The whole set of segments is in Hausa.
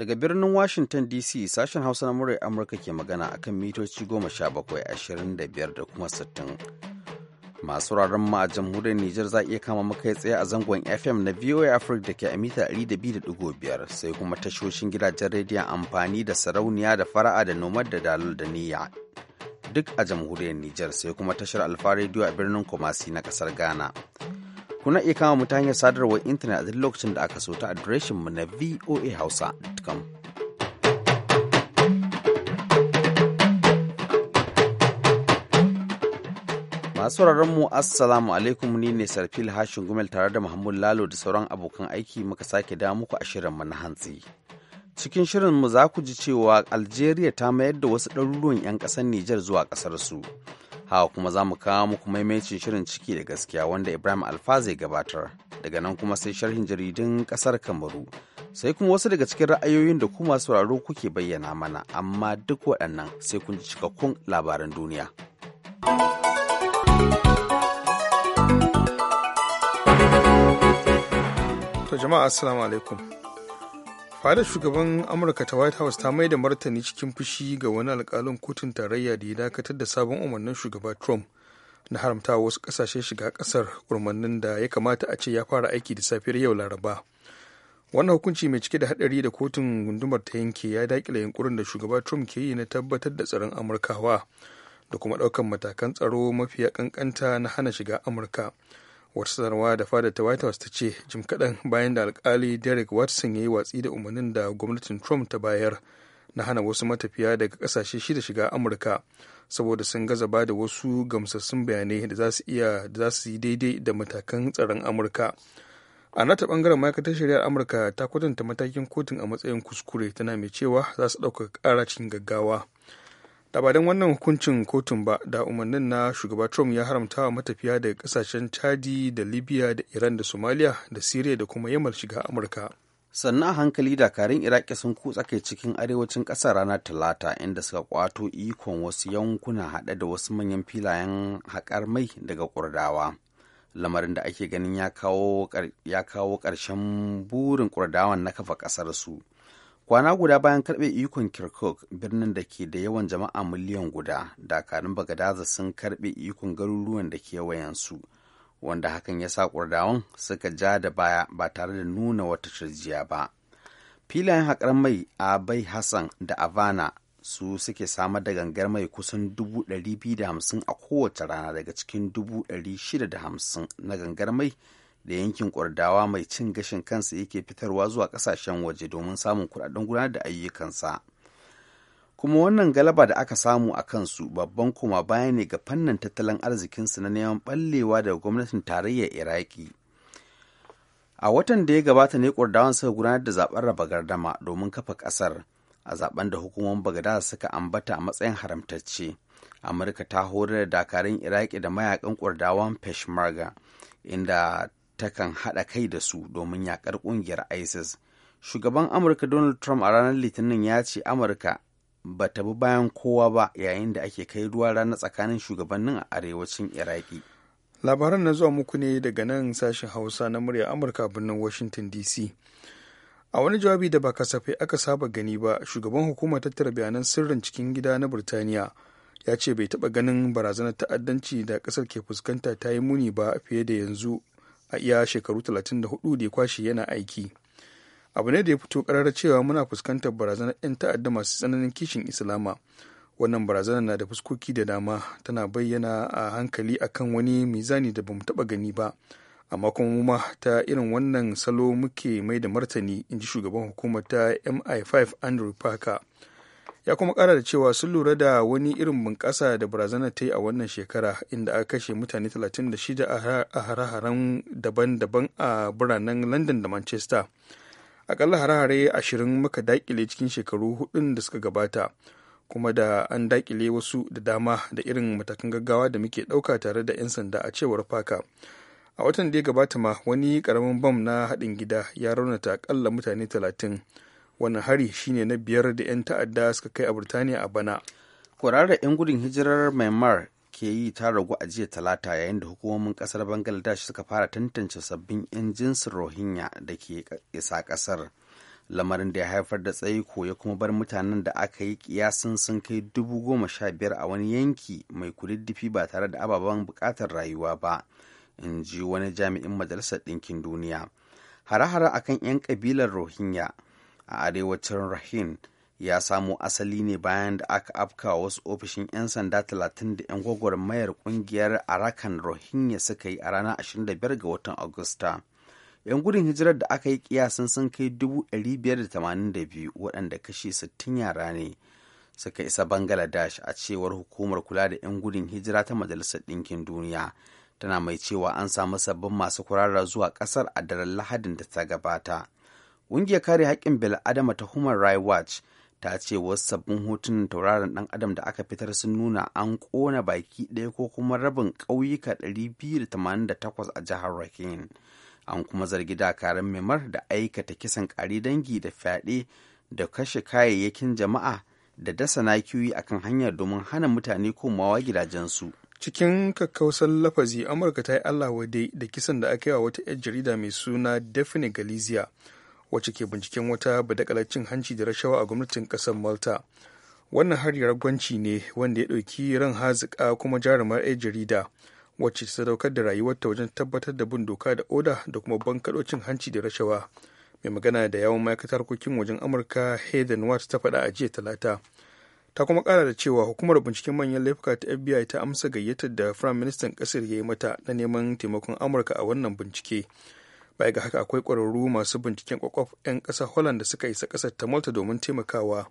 Daga birnin Washington DC sashen Hausa na murai Amurka ke magana a kan mitoci 17,25 da kuma 60. Masu raren ma a jamhuriyar Nijar za iya kama makai tsaye a zangon FM na VOA Africa da ke a mita 200.5 sai kuma tashoshin gidajen rediyon amfani da sarauniya da fara'a da nomad da dalil da niyya. Duk a jamhuriyar Nijar sai kuma tashar Alfa rediyo a birnin Kumasi na kasar Ghana. kuna iya kama mu ta hanyar sadarwar intanet a duk lokacin da aka so ta adireshin mu na voahausa.com masu mu assalamu alaikum ni ne sarfil hashin gumel tare da muhammadu lalo da sauran abokan aiki muka sake da muku a shirin mu na hantsi cikin shirin mu za ku ji cewa algeria ta mayar da wasu ɗaruruwan 'yan ƙasar nijar zuwa ƙasarsu su hawa kuma za mu kawo muku maimacin shirin ciki da gaskiya wanda ibrahim alfa zai gabatar daga nan kuma sai sharhin jaridun kasar kamaru sai kuma wasu daga cikin ra'ayoyin da kuma masu sauraro kuke bayyana mana amma duk waɗannan sai kun ji cikakkun labaran duniya to jama'a assalamu alaikum fadar shugaban amurka ta white house ta mai da martani cikin fushi ga wani alkalin kotun tarayya da ya dakatar da sabon umarnin shugaba trump na haramta wasu kasashe shiga kasar umarnin da ya kamata a ce ya fara aiki da safiyar yau laraba wannan hukunci mai cike da hadari da kotun gundumar ta yanke ya dakile yunkurin da shugaba trump ke yi na tabbatar da tsaron amurkawa da kuma daukan matakan tsaro mafiya kankanta na hana shiga amurka wata sanarwa da fadar ta white house ta ce jim kaɗan bayan da alkali derek watson ya yi watsi da umarnin da gwamnatin trump ta bayar na hana wasu matafiya daga kasashe shida shiga amurka saboda sun gaza ba da wasu gamsassun bayanai da za su iya da za su yi daidai da matakan tsaron amurka a nata bangaren ma'aikatar shari'ar amurka ta kwatanta matakin kotun a matsayin kuskure tana mai cewa za su ɗaukaka kara cikin gaggawa da ba don wannan hukuncin kotun ba da umarnin na shugaba trump ya haramta wa matafiya daga kasashen chadi da libya da iran da somalia da syria da kuma yamal shiga amurka sannan a hankali dakarun iraki sun kutsa kai cikin arewacin ƙasar ranar talata inda suka kwato ikon wasu yankuna haɗe da wasu manyan filayen haƙar mai daga kurdawa lamarin da ake ganin ya kawo ƙarshen burin kurdawan na kafa ƙasarsu su kwana guda bayan karbe ikon kirkuk birnin da ke da yawan jama'a miliyan guda dakarun bagadaza sun karbe ikon garuruwan da ke wayansu wanda hakan ya sa kurdawan suka ja da baya ba tare da nuna wata tarjiya ba filayen haƙar mai a bai hassan da avana su suke samar da gangar mai kusan 250 a kowace rana daga cikin 650 na gangar mai da yankin kwardawa mai cin gashin kansa yake fitarwa zuwa kasashen waje domin samun kudaden gudanar da ayyukansa kuma wannan galaba da aka samu a kansu babban kuma baya ne ga fannin tattalin arzikinsu na neman ɓallewa da gwamnatin tarayyar iraki a watan da ya gabata ne kurdawan suka gudanar da zaben raba gardama domin kafa kasar a zaben da hukumomin bagdad suka ambata a matsayin haramtacce amurka ta horar da dakarun iraki da mayakan kurdawan peshmerga inda takan haɗa kai da su domin yakar ƙungiyar isis shugaban amurka donald trump a ranar litinin ya ce amurka ba ta bi bayan kowa ba yayin da ake kai ruwa rana tsakanin shugabannin a arewacin iraki labaran na zuwa muku ne daga nan sashen hausa na murya amurka birnin washington dc a wani jawabi da ba kasafai aka saba gani ba shugaban hukumar tattara bayanan sirrin cikin gida na birtaniya ya ce bai taɓa ganin barazanar ta'addanci da ƙasar ke fuskanta ta yi muni ba fiye da yanzu a iya shekaru 34 da ya kwashe yana aiki abu ne da ya fito karara cewa muna fuskantar barazanar 'yan ta'adda masu tsananin kishin islama wannan barazanar na da fuskoki da dama tana bayyana a hankali akan wani mizani da bamu taba gani ba amma kuma mu ma ta irin wannan salo muke mai da martani in ji shugaban hukumar ta mi5 andrew parker ya kuma kara da cewa sun lura da wani irin bunƙasa da barazana ta yi a wannan shekara inda aka kashe mutane 36 a hare-haren daban-daban a biranen london da manchester akalla hare-hare 20 muka dakile cikin shekaru hudun da suka gabata kuma da an dakile wasu da dama da irin matakan gaggawa da muke dauka tare da 'yan sanda a cewar faka a watan da ya gabata ma wani karamin bam na haɗin gida ya raunata akalla mutane 30 wani hari shine na biyar da 'yan ta'adda suka kai a burtaniya a bana da 'yan gudun hijirar myanmar ke yi ta ragu a jiya talata yayin da hukumomin kasar bangladesh suka fara tantance sabbin 'yan jinsin rohingya da ke isa kasar lamarin da ya haifar da tsaiko ya kuma bar mutanen da aka yi kiyasin sun kai dubu goma sha biyar a wani yanki mai kududdufi ba tare da ababen bukatar rayuwa ba in ji wani jami'in majalisar ɗinkin duniya hare-hare akan 'yan kabilar rohingya a arewacin rahin ya samo asali ne bayan da aka afka wasu ofishin 'yan sanda 30 da 'yan gwagwarmayar kungiyar arakan rohingya suka yi a ranar 25 ga watan agusta 'yan gudun hijirar da aka yi kiyasin sun kai 582 waɗanda kashi 60 yara ne suka isa bangladesh a cewar hukumar kula da 'yan gudun hijira ta majalisar ɗinkin duniya tana mai cewa an samu sabbin masu kurara zuwa ƙasar a daren lahadin da ta gabata ƙungiyar kare haƙƙin bil'adama ta human rights watch ta ce wasu sabbin hotunan tauraron ɗan adam da aka fitar sun nuna an ƙona baki ɗaya ko kuma rabin ƙauyuka 288 a jihar rakhine an kuma zargi dakarun memar da aikata kisan ƙari dangi da fyaɗe da kashe kayayyakin jama'a da dasa nakiyoyi akan hanyar domin hana mutane komawa gidajensu cikin kakkausan lafazi amurka ta yi allah wadai da kisan da aka yi wa wata 'yar jarida mai suna daphne galizia wacce ke binciken wata badakalar cin hanci da rashawa a gwamnatin ƙasar malta wannan hari ragwanci ne wanda ya ɗauki ran hazika kuma jarumar 'yan jarida wacce ta sadaukar da rayuwarta wajen tabbatar da bin doka da oda da kuma bankaɗo cin hanci da rashawa mai magana da yawon ma'aikatar harkokin wajen amurka hayden watt ta faɗa a jiya talata ta kuma ƙara da cewa hukumar binciken manyan laifuka ta fbi ta amsa gayyatar da firayim ministan ƙasar ya yi mata na neman taimakon amurka a wannan bincike baya ga haka akwai ƙwararru masu binciken kwakwaf 'yan ƙasa holland da suka isa ƙasar ta malta domin taimakawa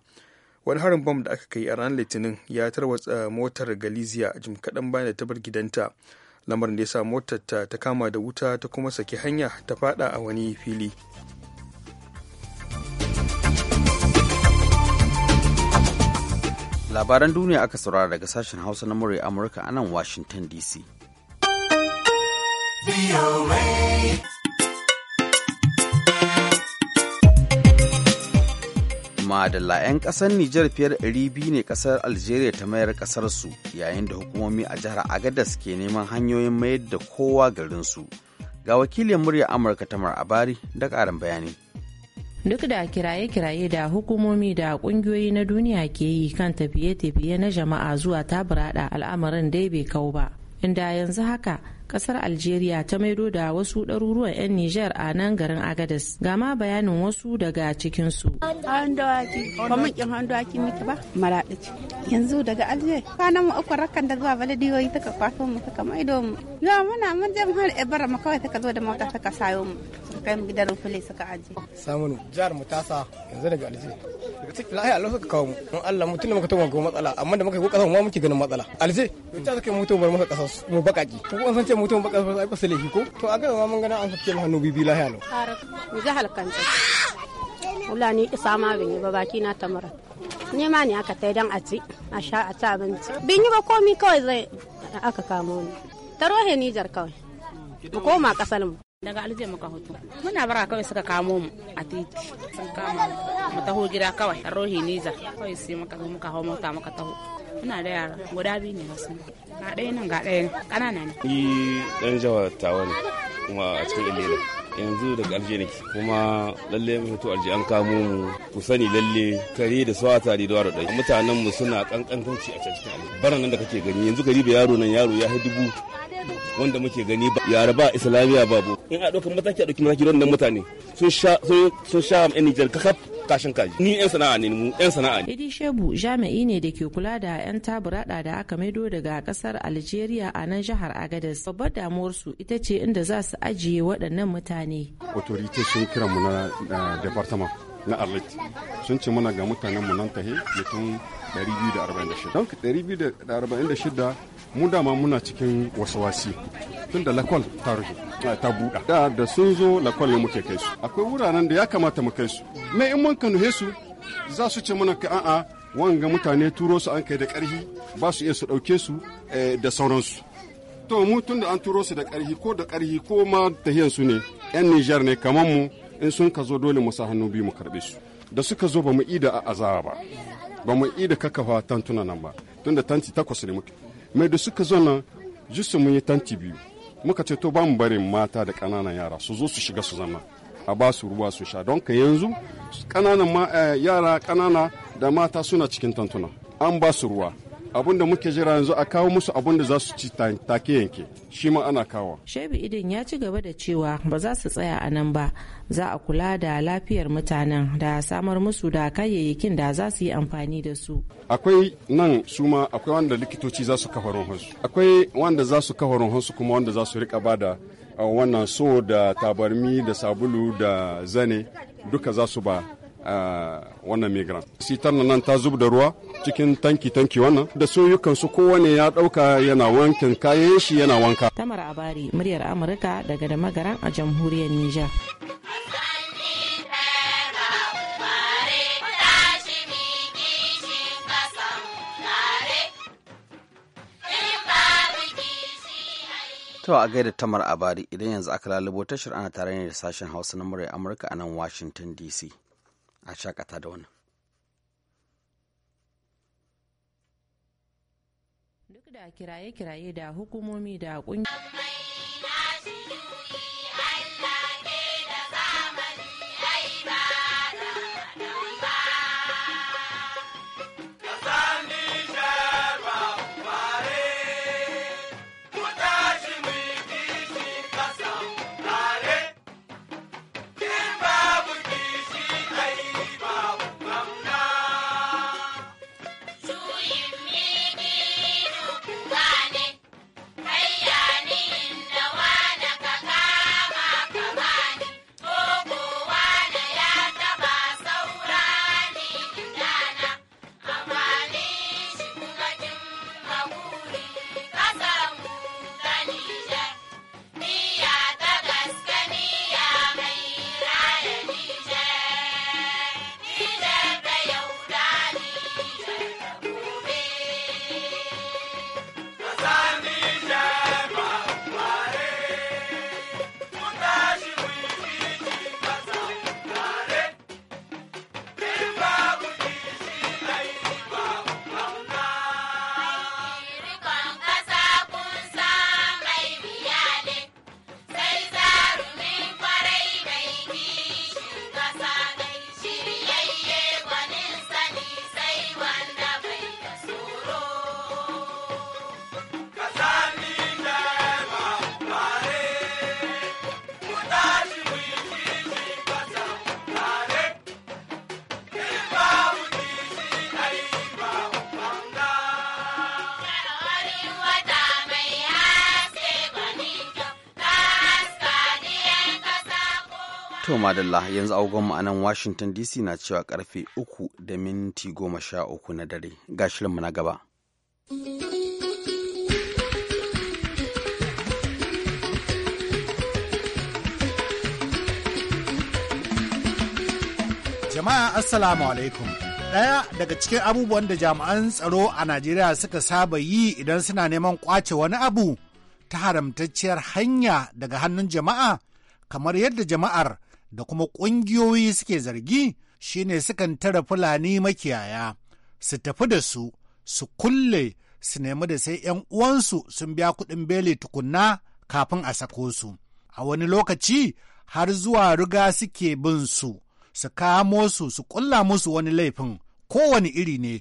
wani harin bom da aka kai a ranar litinin ya tarwatsa motar galizia jim kaɗan bayan da ta bar gidanta lamarin da ya sa motar ta ta kama da wuta ta kuma saki hanya ta fada a wani fili labaran duniya aka saurara daga sashen hausa na murya amurka a nan washington dc Madalla 'yan kasar Nijar fiyar da biyu ne ƙasar Algeria ta mayar su yayin da hukumomi a jihar Agadas ke neman hanyoyin mayar da kowa garin su Ga wakilin murya Amurka Tamar Abari da ƙarin bayani. duk da kiraye-kiraye da hukumomi da ƙungiyoyi na duniya ke yi kan tafiye-tafiye na jama'a zuwa taburada al'amarin dai bai kau ba inda yanzu haka kasar algeria ta maido da wasu ɗaruruwan 'yan nijar a nan garin agadas gama bayanin wasu daga cikinsu yanzu daga alje kwanan mu uku rakan da zuwa baladiyoyi ta ka kwaso mu ta ka maido mu yawa muna mun je mu har ebara mu kawai ta ka zo da mota ta ka sayo mu kai mu gidan rufule suka aje ne. jihar mu tasa yanzu daga alje daga cikin lahiya Allah suka kawo mu don Allah mu tunda muka tawo ga matsala amma da muka yi kasan mu muke ganin matsala alje Mun ta suka mu tawo masa kasa mu bakaki to kun san ce mu tawo bakaki ai ba su laifi ko to a ga ma mun gana an fice hannu bibi lahiya lau jihar kanta wala ni isa ma bin yi ba baki na tamara ma ne aka taidan a ci a sha a ci abinci bin yi ba komi kawai zai aka kamo ni ta rohe jar kawai Ko ma kasalmu. daga alje muka hoto muna bara kawai suka kamo mu a titi sun kama mu taho gida kawai a rohi niza kawai sai muka zo muka hau mota muka taho muna da yara guda biyu ne wasu ga ɗaya nan ga ɗaya ƙanana ne ni ɗan jawa tawa ne kuma a cikin ilila yanzu daga alje ne kuma lalle mu fito alje an kamo mu ku sani lalle kare da swata da duwar dai mutanen mu suna kankantanci a cikin alje bara nan da kake gani yanzu gari da yaro nan yaro ya dubu wanda muke gani ba yare ba islamiyya babu in a ɗaukar mataki a ɗauki mataki don mutane sun sha sun sha kakaf kashin kaji ni yan sana'a ne mu yan sana'a ne idi shebu jami'i ne da ke kula da yan taburada da aka maido daga kasar algeria a nan jihar agadez babbar damuwar su ita ce inda za su ajiye waɗannan mutane autorite sun kira mu na eh, departament na arlit sun ce muna ga mutanen mu nan he mutum 246 don 246 mu dama muna cikin wasawasi tun da lakwal ta rufe ta buɗa da da sun zo lakwal ne muke kai su akwai wuraren da ya kamata mu kai su mai in mun kanuhe su za su ce muna ka a'a wanga mutane turo su an kai da ƙarfi ba su iya su ɗauke su eh, da sauransu to mu tun da an turo su da ƙarfi ko da ƙarfi ko ma tahiyan su ne yan nijar ne kamar mu in sun ka zo dole mu sa hannu biyu mu karɓe su da suka zo ba mu ida a azawa ba ba mu ida kakafa tantuna nan ba tunda tanti takwas ne muke mai da suka zo nan jisu mun yi tanti biyu muka ce to ba mu barin mata da ƙananan yara su zo su shiga su zama a ba su ruwa su sha don ka yanzu ƙananan eh, yara ƙanana da mata suna cikin tantuna an ba su ruwa abun da muke jira yanzu a kawo musu abun da za su ci take yanke shi ma ana kawo. Shebi Idin ya ci gaba da cewa ba za su tsaya a nan ba za a kula da lafiyar mutanen da samar musu da kayayyakin da za su yi amfani da su. Akwai nan su ma akwai wanda likitoci za su kafa ruhunsu akwai wanda za su kafa ruhunsu kuma wanda za su rika bada wannan so da tabarmi da sabulu da zane duka za su ba wannan migrant sitar nan ta zub da ruwa cikin tanki tanki wannan da soyukan su kowane ya dauka yana wankin kayan shi yana wanka tamar abari muryar amurka daga da magaran a jamhuriyar niger To a gaida tamar abari idan yanzu aka lalubo tashar ana tare ne da sashen hausa na murai amurka a nan washington dc a shakata da wannan duk da kiraye-kiraye da hukumomi da kungiyoyi madalla yanzu agogon a nan Washington DC na cewa karfe uku da minti goma sha uku na dare ga shirinmu na gaba. Jama'a Assalamu alaikum. Ɗaya daga cikin abubuwan da jami'an tsaro a Najeriya suka saba yi idan suna neman ƙwace wani abu ta haramtacciyar hanya daga hannun jama'a kamar yadda jama'ar da kuma ƙungiyoyi suke zargi shine sukan tara Fulani makiyaya su tafi da su su kulle su nemi da sai 'yan uwansu sun biya kuɗin beli tukunna kafin a sako su. A wani lokaci har zuwa riga suke bin su, su kamo su su ƙulla musu wani laifin kowane iri ne,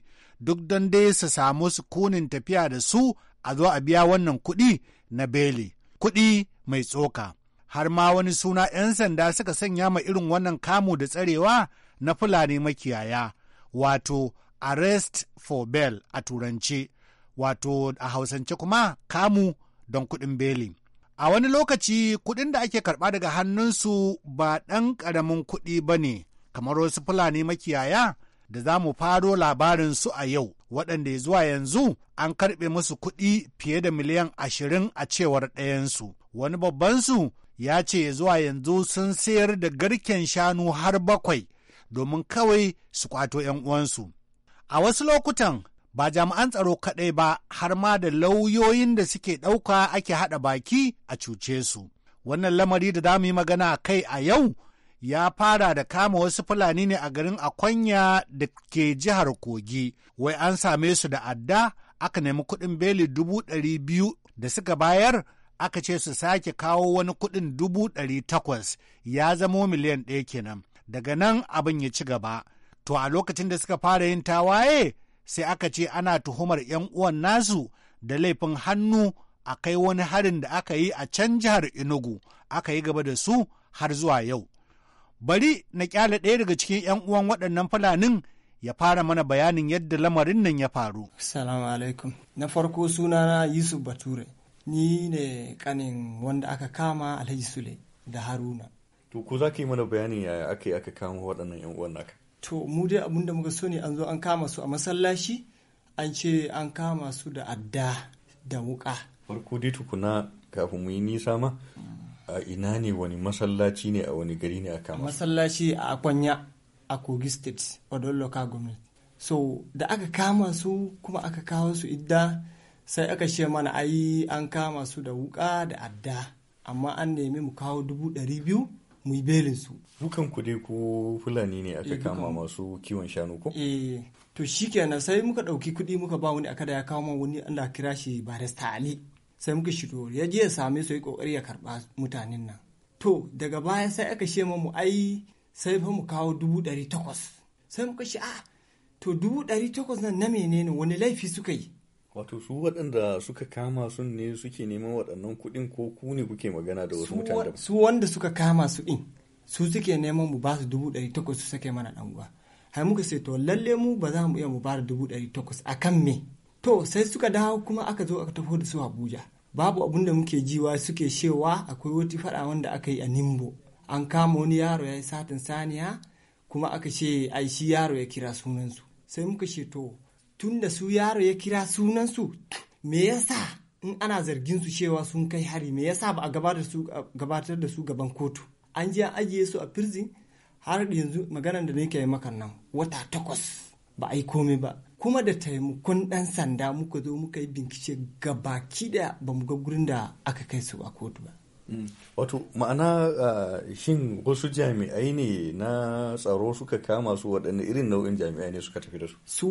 duk don dai su samu su kunin tafiya da su a zo a biya wannan kuɗi na beli, kuɗi mai tsoka. har ma wani suna 'yan sanda suka sanya ma irin wannan kamu da tsarewa na Fulani makiyaya, wato arrest for bail a turance, wato a hausance kuma kamu don kuɗin beli. A wani lokaci kuɗin da ake karɓa daga hannunsu ba ɗan ƙaramin kuɗi ba ne, kamar wasu Fulani makiyaya da za mu faro labarin su a yau, waɗanda zuwa yanzu an karɓe musu kuɗi fiye da miliyan ashirin a cewar ɗayansu. Wani babbansu ya ce zuwa yanzu sun sayar da garken shanu har bakwai domin kawai su kwato 'yan uwansu. A wasu lokutan ba jami'an tsaro kaɗai ba har ma da lauyoyin da suke ɗauka ake haɗa baki a cuce su. Wannan lamari da damu yi magana kai a yau ya fara da kama wasu fulani ne a garin Akwanya da ke jihar Kogi, wai an same su da adda aka nemi kuɗin beli dubu ɗari biyu da suka bayar aka ce su sake kawo wani kuɗin dubu ɗari takwas ya zamo miliyan ɗaya kenan daga nan abin ya ci gaba to a lokacin da suka fara yin tawaye sai aka ce ana tuhumar 'yan uwan nasu da laifin hannu a kai wani harin da aka yi a can jihar Enugu aka yi gaba da su har zuwa yau. Bari na kyale ɗaya daga cikin 'yan uwan waɗannan fulanin ya fara mana bayanin yadda lamarin nan ya faru. Salamu alaikum. Na farko sunana Yusuf Bature. ni ne kanin wanda aka kama alhaji sule da haruna to ko za ka yi mana bayani yaya aka yi aka kama waɗannan yan uwan naka to mu dai abin da muka so ne an zo an kama su a masallaci an ce an kama su da adda da wuka farko dai tukuna kafin mu yi nisa ma a ina ne wani masallaci ne a wani gari ne a kama masallaci a akwanya a kogi state odon local government so da aka kama su kuma aka kawo su idda sai aka ce mana ayi an kama su da wuka da adda amma an nemi mu kawo dubu ɗari biyu mu yi belin su wukan ku dai ko fulani ne aka eh, kama masu kiwon shanu ko eh to shikenan sai muka ɗauki kuɗi muka ba wani aka da ya kawo man wani Allah kira shi barista Ali sai muka shigo ya je ya same su yi kokari ya karɓa mutanen nan to daga baya sai aka ce mu ai sai fa mu kawo dubu ɗari takwas sai muka ce a ah, to dubu ɗari takwas nan na menene wani laifi suka yi wato su waɗanda suka kama su ne suke neman waɗannan kuɗin ko ku ne kuke magana da wasu mutane su wanda suka kama su ɗin su suke neman mu ba su dubu ɗari takwas su sake mana ɗan uwa har muka sai to lalle mu ba za mu iya mu ba da dubu ɗari takwas a kan me to sai suka dawo kuma aka zo aka tafi da su abuja babu abin da muke jiwa suke cewa akwai wata faɗa wanda aka yi a nimbo an kama wani yaro ya yi satin saniya kuma aka ce ai shi yaro ya kira sunansu sai muka ce to tun da su yaro ya kira sunansu me yasa in ana zargin su cewa sun kai hari me yasa ba a gabatar da su gaban kotu an je an ajiye su a prison har yanzu maganar da nake maka nan wata takwas ba a yi komai ba kuma da taimakon dan sanda muka zo muka yi bincike gabaki da ba mu ga gurin da aka kai su a kotu ba wato ma'ana ah, shin wasu jami'ai ne na tsaro suka kama su waɗanne irin nau'in jami'ai ne suka tafi da su su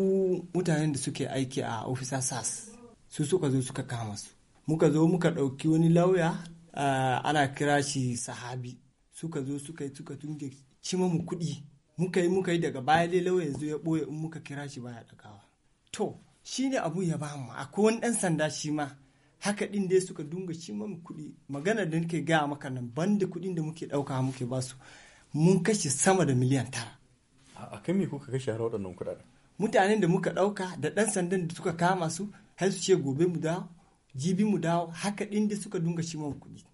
mutanen da suke aiki a officer sas su suka zo suka kama su muka zo muka ɗauki wani lauya ah, ana kira shi sahabi suka zo suka yi suka tunge cima mu kuɗi muka yi muka yi daga baya dai lauya zo ya ɓoye in muka kira shi baya ɗagawa to ne abu ya bamu akwai wani ɗan sanda shi ma haka din dai suka dunga ci mamu kuɗi magana da nake gaya maka nan banda kuɗin da muke ɗauka muke su, mun kashe sama da miliyan tara a kan me kuka kashe har waɗannan kuɗaɗen mutanen da muka ɗauka da ɗan sandan da suka kama su har su ce gobe mu dawo jibi mu dawo haka din dai suka dunga ci mamu kuɗi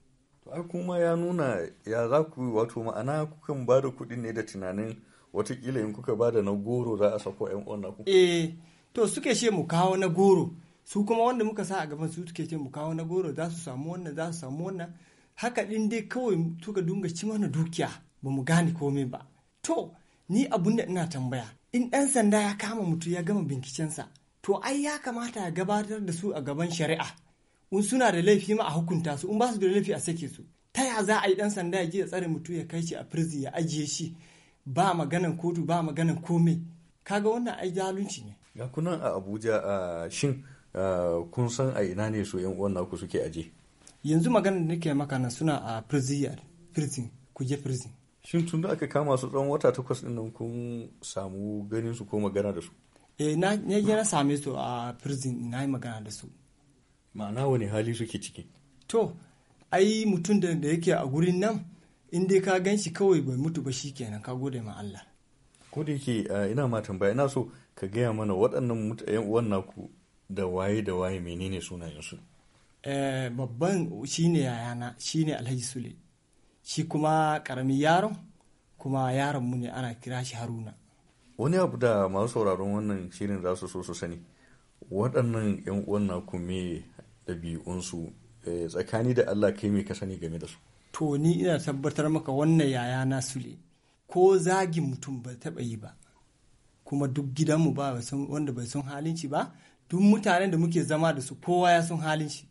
to ai kuma ya nuna ya za ku wato ma'ana kukan ba da kuɗi ne da tunanin watakila in kuka ba da na goro za a sako 'yan uwan ku eh to suke ce mu kawo na goro su kuma wanda muka sa a gaban su suke ce mu kawo na goro za su samu wannan za su samu wannan haka din dai kawai suka dunga ci mana dukiya ba mu gane komai ba to ni abun da ina tambaya in ɗan sanda ya kama mutu ya gama bincikensa to ai ya kamata ya gabatar da su a gaban shari'a in suna da laifi ma a hukunta su in ba su da laifi a sake su ta ya za a yi ɗan sanda ya je ya tsare mutum ya kai shi a firzi ya ajiye shi ba maganan kotu ba maganan komai kaga wannan ai zalunci ne ya kunan a abuja shin Eh, kun san a ina ne su yan uwan naku suke aje yanzu magana da nake maka nan suna a prison kuje prison shin tun da aka kama su tsawon wata takwas din nan kun samu ganin su ko magana da su eh na ne na same su a prison ina yi magana da su ma'ana wani hali suke ciki to ai mutum da yake a gurin nan in dai ka gan shi kawai bai mutu ba shi kenan ka gode ma Allah ko da yake eh, ina ma tambaya ina so ka gaya mana waɗannan mutayen uwan naku da waye da waye menene sunayensu eh, babban shine yayana shine alhaji sule shi kuma karamin yaron kuma yaron mu ne ana kira shi haruna wani abu da masu sauraron wannan shirin za su so su sani waɗannan 'yan uwan ku me ɗabi'unsu eh, tsakani da allah kai me ka sani game da su to ni ina tabbatar maka wannan yaya na sule ko zagin mutum ba taɓa yi ba kuma duk gidanmu ba wanda bai san halin ba duk mutanen da muke zama da su kowa ya sun halin shi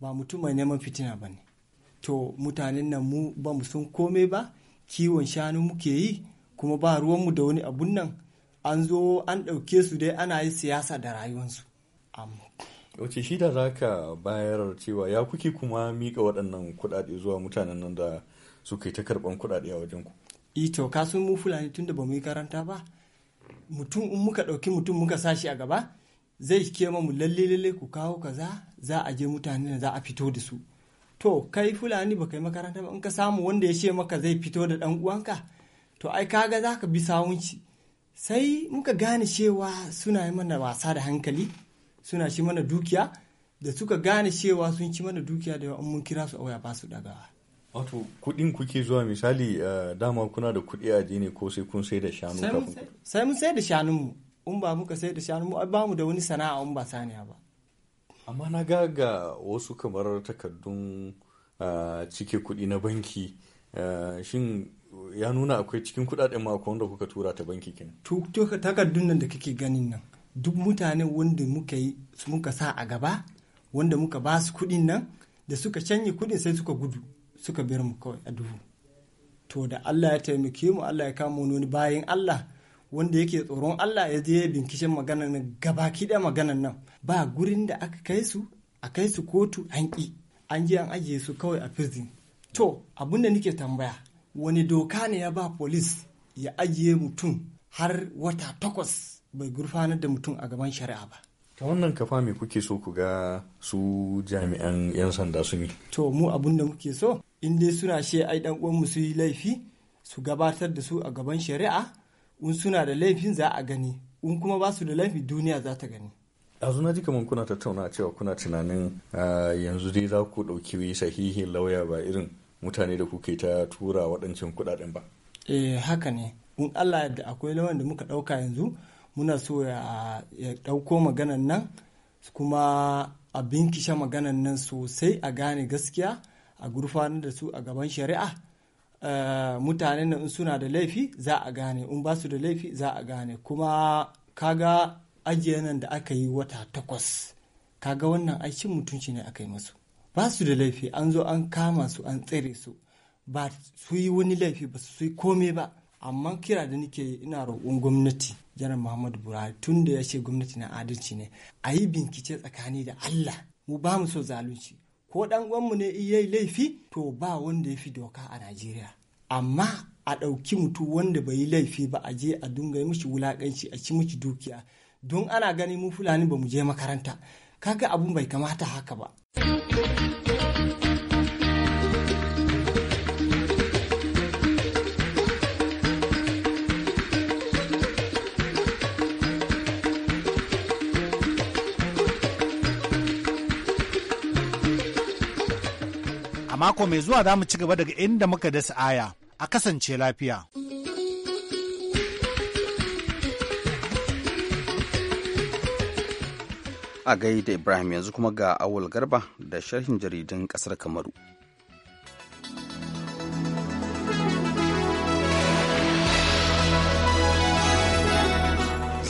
ba mutum mai neman fitina ba ne to mutanen nan mu ba mu sun kome ba kiwon shanu muke yi kuma ba ruwanmu da wani abun nan an zo an ɗauke su dai ana yi siyasa da rayuwansu wace shi da za ka bayar cewa ya kuke kuma miƙa waɗannan kuɗaɗe zuwa mutanen nan da suka yi ta karɓan kuɗaɗe a wajen ku ito sun mu fulani tun da ba mu yi karanta ba mutum in muka ɗauki mutum muka sa shi a gaba zai ke mu lalle lalle ku kawo kaza za a je mutane da za a fito da su to kai fulani ba kai makaranta ba in ka samu wanda ya ce maka zai fito da dan uwanka to ai kaga za ka bi sawunci sai muka gane cewa suna yi mana wasa da hankali suna shi mana dukiya da suka gane cewa sun ci mana dukiya da yawa mun kira su a waya ba su dagawa wato kuɗin kuke zuwa misali eh, dama kuna da kuɗi a ne ko sai kun sai da shanu sai mun sai da shanunmu in ba muka sai da shanu mu ba mu da wani sana'a in ba saniya ba amma na ga ga wasu kamar takardun ah, cike kuɗi na banki ah, shin ya nuna akwai cikin kuɗaɗen ma wanda kuka tura ta banki kenan takardun nan da kake ganin nan duk mutane wanda muka yi muka sa a gaba wanda muka ba su kuɗin nan da suka canye kuɗin sai suka gudu suka bar mu kawai a duhu to da Allah ya taimake mu Allah ya kama wani bayan Allah wanda yake tsoron Allah ya je binkishin maganan nan gaba kiɗa maganan nan ba gurin da aka kai su a kai su kotu an ƙi an ji an ajiye su kawai a prison to abin da nake tambaya wani doka ne ya ba polis ya ajiye mutum har wata takwas bai gurfanar da mutum a gaban shari'a ba ta wannan kafa me kuke so ku ga su jami'an 'yan sanda sun yi to mu abin da muke so in dai suna she ai dan uwan mu su yi laifi su gabatar da su a gaban shari'a in suna da laifin za a gani in kuma ba su da laifi duniya za ta gani yanzu na ji kamar kuna tattauna cewa kuna tunanin yanzu dai za ku ɗauki sahihin lauya ba irin mutane da kuke ta tura waɗancan kuɗaɗen ba eh haka ne in allah yadda akwai lauyan da muka ɗauka yanzu muna so ya ɗauko maganan nan kuma a binkisha maganan nan sosai a gane gaskiya a gurfanar da su a gaban shari'a Eh, mutanen nan suna da laifi za a gane in ba su da laifi za a gane kuma kaga ajiye nan da aka yi wata takwas kaga wannan aikin mutunci ne aka yi masu ba su da laifi an zo an kama su an tsere su ba su yi wani laifi ba su yi kome ba amma kira da nake ina roƙon gwamnati janar muhammadu buhari tun da ya ce gwamnati na adalci ne a yi bincike tsakani da allah mu ba mu so zalunci ko ɗan uwanmu ne iya laifi to ba wanda ya fi doka a Najeriya. Amma a ɗauki mutu wanda bai yi laifi ba a je a dunga mishi wulaƙanci a ci mishi dukiya don ana gani mu fulani ba mu je makaranta kaga abun bai kamata haka ba. mako mai zuwa za mu ci gaba daga inda muka dasa aya a kasance lafiya. A gaida Ibrahim yanzu kuma ga Awul Garba da sharhin jaridun ƙasar Kamaru.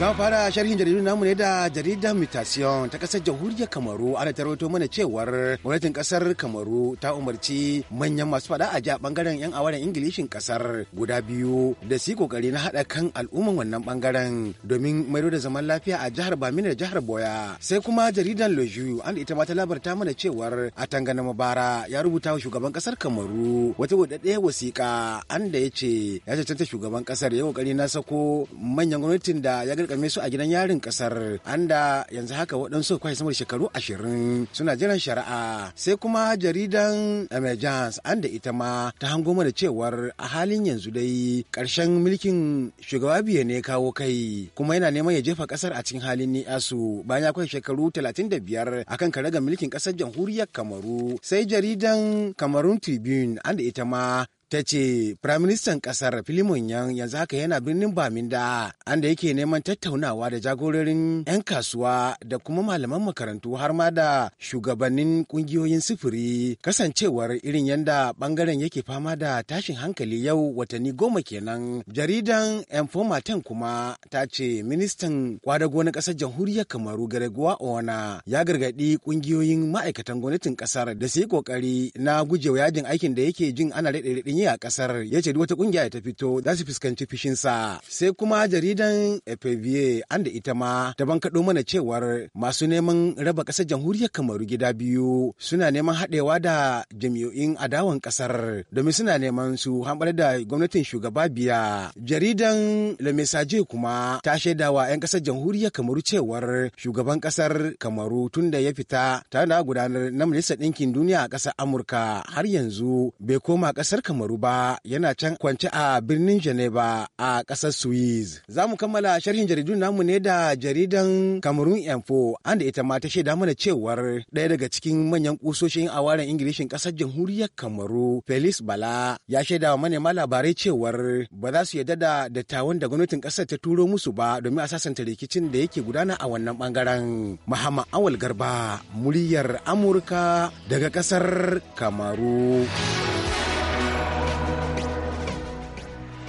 Zan fara sharhin jaridun namu ne da jaridar Mutation ta kasar jamhuriyar Kamaru ana tarwato mana cewar gwamnatin kasar Kamaru ta umarci manyan masu fada a ja bangaren yan awaren Ingilishin kasar guda biyu da su kokari na hada kan al'umman wannan bangaren domin maido da zaman lafiya a jihar Bamina da jihar Boya. Sai kuma jaridar Loju an ita ma ta labarta mana cewar a Tangana Mabara ya rubuta wa shugaban kasar Kamaru wata wadaddaya wasiƙa an da ya ce ya cancanta shugaban kasar ya kokari na sako manyan gwamnatin da ya garkame su a gidan yarin kasar anda yanzu haka waɗansu kwai sama da shekaru ashirin suna jiran shari'a sai kuma jaridan emergence anda ita ma ta hango mana cewar a halin yanzu dai ƙarshen mulkin shugaba biya ne kawo kai kuma yana neman ya jefa ƙasar a cikin halin ni'asu bayan ya kwai shekaru talatin da biyar akan karagar mulkin ƙasar jamhuriyar kamaru sai jaridan kamarun tribune anda ita ma ta ce firaministan ƙasar filimon yan yanzu haka yana birnin baminda anda yake neman tattaunawa da jagororin 'yan kasuwa da kuma malaman makarantu har ma da shugabannin ƙungiyoyin sufuri kasancewar irin yanda ɓangaren yake fama da tashin hankali yau watanni goma kenan jaridan informaten kuma ta ce ministan kwadago na ƙasar jamhuriyar kamaru gareguwa ona ya gargadi ƙungiyoyin ma'aikatan gwamnatin ƙasar da su yi ƙoƙari na gujewa yajin aikin da yake jin ana raɗe yi a kasar ya ce wata kungiya ta fito za su fuskanci sa sai kuma jaridan fva an da ita ma ta bankaɗo mana cewar masu neman raba ƙasar jamhuriyar kamaru gida biyu suna neman haɗewa da jami'o'in adawan ƙasar domin suna neman su hamɓar da gwamnatin shugaba biya jaridan le message kuma ta shaidawa 'yan ƙasar jamhuriyar kamaru cewar shugaban ƙasar kamaru tun da ya fita tare da gudanar na majalisar ɗinkin duniya a ƙasar amurka har yanzu bai koma ƙasar kamaru faru ba yana can kwance a birnin Geneva a ƙasar Swiss. Za mu kammala sharhin jaridun namu ne da jaridan Cameroon Info anda ita ma ta shaida mana cewar ɗaya daga cikin manyan kusoshin awaren Ingilishin ƙasar Jamhuriyar Kamaru Felix Bala ya shaida wa manema labarai cewar ba za su yarda da dattawan da gwamnatin ƙasar ta turo musu ba domin a sasanta rikicin da yake gudana a wannan ɓangaren. Muhammad Awal Garba muryar Amurka daga ƙasar Kamaru.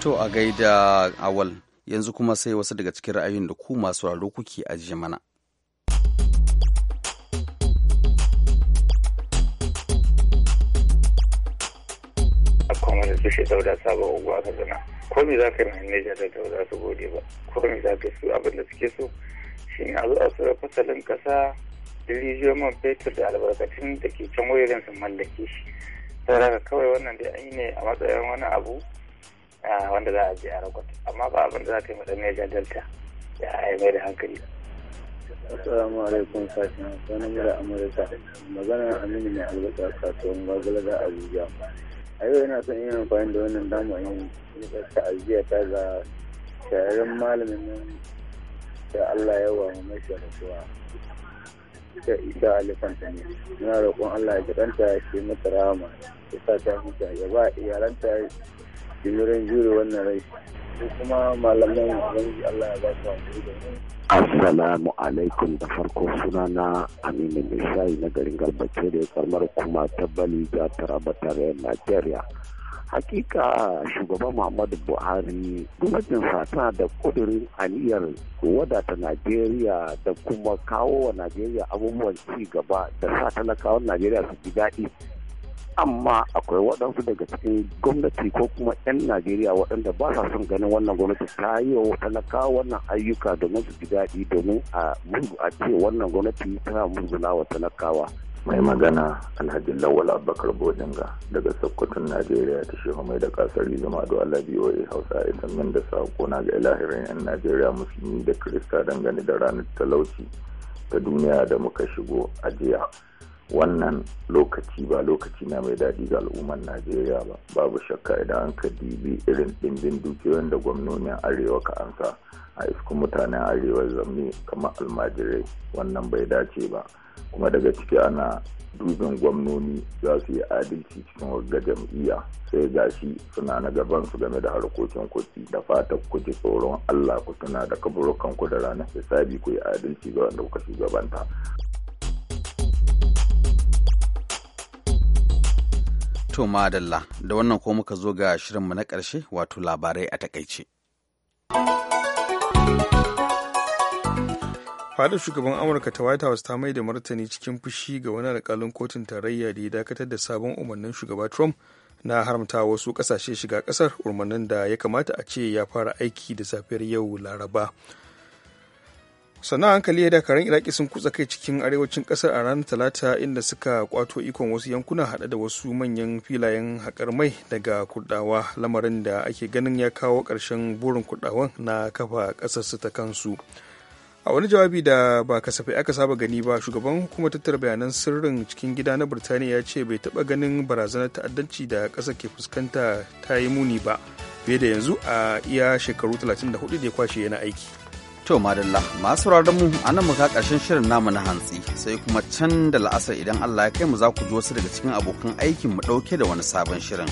To a gaida awal yanzu kuma sai wasu daga cikin ra'ayin da ku masu raro kuke ajiye mana. wani dauda sabon unguwa ka zana ko me za ka yi neja da dauda su gode ba ko za ka su abin da suke so shi ne a zuwa su da fasalin kasa da man fetur da albarkatun da ke can wayoyin sun mallake shi saboda kawai wannan da an yi ne a matsayin wani abu wanda za a je a rakwata amma ba abin da za ta yi maɗan ya Delta ya mai da hankali. Assalamu alaikum sashen Hausa mura Amurka magana Aminu mai albasa katon gwagwala da Abuja. a yau yana son yin amfani da wannan damar yin ta'aziyya ta ga shahararren malamin nan da Allah ya wa mai sharafuwa ta ita alifanta ne muna roƙon Allah ya ji ɗanta ya ce mata rama ya sa ta mutu ya ba iyalanta jirgin jure wannan rai ko kuma malaman wani Allah ya ba su Assalamu alaikum da farko suna na Aminu Mishayi na garin Garbace da ya karmar kuma ta Bali ga Najeriya. Hakika shugaban Muhammadu Buhari gwamnatin fata da kudurin aniyar wadata Najeriya da kuma kawo wa Najeriya abubuwan ci gaba da sa talakawan Najeriya su ji daɗi amma akwai waɗansu daga cikin gwamnati ko kuma 'yan najeriya waɗanda ba sa son ganin wannan gwamnati ta yi wa kawo wannan ayyuka domin su ji daɗi domin a a ce wannan gwamnati tana muzguna wa talakawa mai magana alhaji lawal abubakar bodinga daga sokoton najeriya ta shehu mai da kasar zuma da allah boa hausa a min da sakona ga ilahirin yan najeriya musulmi da kirista dangane da ranar talauci ta duniya da muka shigo a jiya wannan lokaci ba lokaci na mai daɗi ga al'ummar najeriya ba babu shakka idan an ka dibi irin ɗimbin dukiyoyin da gwamnonin arewa ka ansa a iskun mutanen arewa zamne kamar almajirai wannan bai dace ba kuma daga ciki ana dubin gwamnoni za su yi adalci cikin wagga jam'iyya sai gashi suna na gaban su game da harkokin kuɗi da fata ku ji tsoron allah ku tuna da kaburukan ku da ranar hisabi ku yi adalci ga wanda kuka shugabanta To madalla da wannan ko muka zo ga shirinmu na ƙarshe wato labarai a takaice. Fadar shugaban Amurka ta White House ta mai da martani cikin fushi ga wani alƙalin kotun tarayya da ya dakatar da sabon umarnin shugaba Trump na haramta wasu ƙasashe shiga ƙasar umarnin da ya kamata a ce ya fara aiki da safiyar yau Laraba. sannan hankali da karan iraki sun kutsa kai cikin arewacin kasar a ranar talata inda suka kwato ikon wasu yankuna hada da wasu manyan filayen haƙar mai daga kurdawa lamarin da ake ganin ya kawo ƙarshen burin kurdawan na kafa ƙasarsu ta kansu a wani jawabi da ba kasafai aka saba gani ba shugaban hukumar tattara bayanan sirrin cikin gida na birtaniya ya ce bai taba ganin barazanar ta'addanci da ƙasa ke fuskanta ta yi muni ba fiye da yanzu a iya shekaru 34 da ya kwashe yana aiki To madalla masu mu a nan muka karshen shirin namu na hantsi sai kuma can da la'asar idan Allah ya kai mu za ku ji wasu daga cikin abokan aikin mu ɗauke da wani sabon shirin.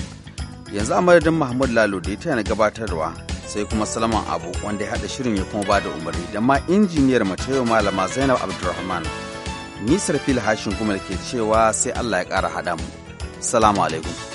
Yanzu a madadin Mahmud Lalo da ya tana gabatarwa sai kuma Salaman Abu wanda ya haɗa shirin ya kuma bada umarni da ma injiniyar Mateo Malama Zainab Abdulrahman. Nisar Sarfil hashin kuma da ke cewa sai Allah ya ƙara haɗa mu. Salamu alaikum.